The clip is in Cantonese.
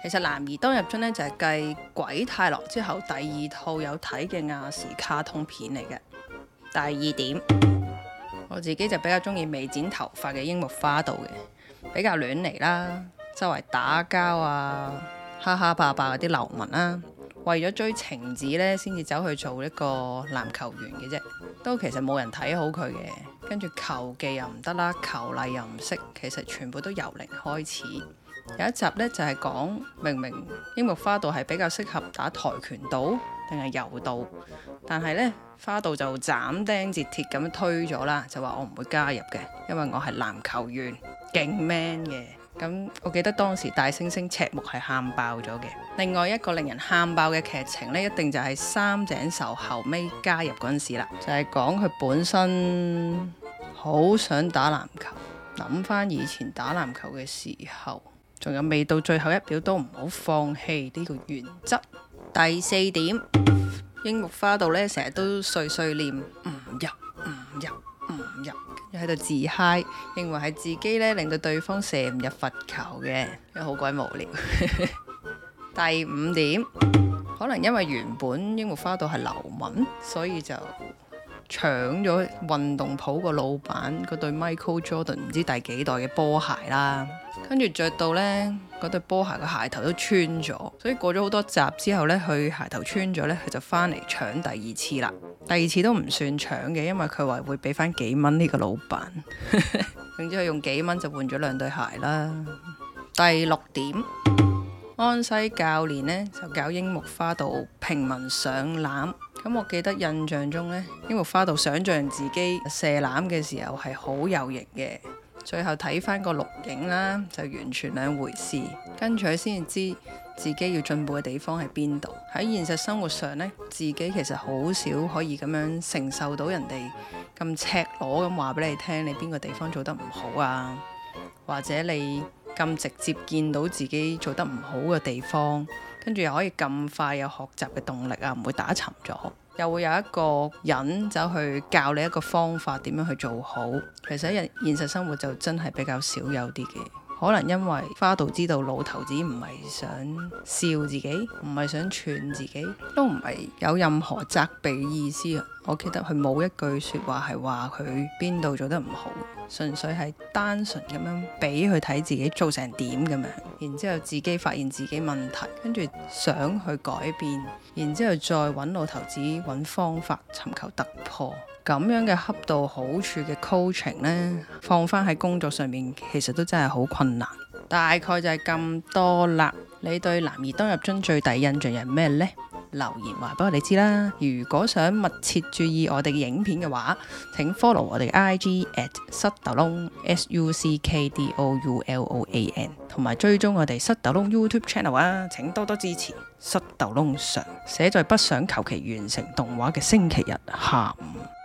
其實男兒當入樽呢，就係繼《鬼太郎》之後第二套有睇嘅亞視卡通片嚟嘅。第二點， 我自己就比較中意未剪頭髮嘅櫻木花道嘅，比較亂嚟啦，周圍打交啊、蝦蝦霸霸嗰啲流氓啦、啊。為咗追晴子呢先至走去做一個籃球員嘅啫，都其實冇人睇好佢嘅。跟住球技又唔得啦，球例又唔識，其實全部都由零開始。有一集呢，就係講明明櫻木花道係比較適合打跆拳道定係柔道，但係呢花道就斬釘截鐵咁樣推咗啦，就話我唔會加入嘅，因為我係籃球員勁 man 嘅。咁、嗯，我記得當時大猩猩赤木係喊爆咗嘅。另外一個令人喊爆嘅劇情呢，一定就係三井壽後尾加入嗰陣時啦，就係講佢本身好想打籃球，諗翻以前打籃球嘅時候，仲有未到最後一秒都唔好放棄呢個原則。第四點，櫻木花道呢，成日都碎碎念，嗯呀，嗯呀。嗯嗯喺度自 high 認為係自己咧令到對方射唔入罰球嘅，因為好鬼無聊。 第五點，可能因為原本櫻木花道係流氓，所以就。搶咗運動鋪個老闆嗰對 Michael Jordan 唔知第幾代嘅波鞋啦，跟住着到呢，嗰對波鞋個鞋頭都穿咗，所以過咗好多集之後呢，佢鞋頭穿咗呢，佢就返嚟搶第二次啦。第二次都唔算搶嘅，因為佢話會俾返幾蚊呢個老闆， 總之佢用幾蚊就換咗兩對鞋啦。第六點，安西教練呢，就搞櫻木花道平民上籃。咁我記得印象中呢，櫻木花道想象自己射籃嘅時候係好有型嘅，最後睇翻個錄影啦，就完全兩回事。跟住佢先知自己要進步嘅地方喺邊度。喺現實生活上呢，自己其實好少可以咁樣承受到人哋咁赤裸咁話俾你聽，你邊個地方做得唔好啊，或者你咁直接見到自己做得唔好嘅地方，跟住又可以咁快有學習嘅動力啊，唔會打沉咗，又會有一個人走去教你一個方法點樣去做好。其實喺現實生活就真係比較少有啲嘅。可能因為花道知道，老頭子唔係想笑自己，唔係想串自己，都唔係有任何責備意思啊！我記得佢冇一句話說話係話佢邊度做得唔好，純粹係單純咁樣俾佢睇自己做成點咁樣，然之後自己發現自己問題，跟住想去改變，然之後再揾老頭子揾方法尋求突破。咁樣嘅恰到好處嘅 coaching 咧，放返喺工作上面，其實都真係好困。嗱、啊、大概就係咁多啦。你對男兒當入樽最大印象係咩呢？留言話俾我哋知啦。如果想密切注意我哋嘅影片嘅話，請 follow 我哋 IG at Suckdoulon s u c k d o u l o a n，同埋追蹤我哋 Suckdoulon YouTube channel 啊，請多多支持 Suckdoulon 上寫在不想求其完成動畫嘅星期日下午。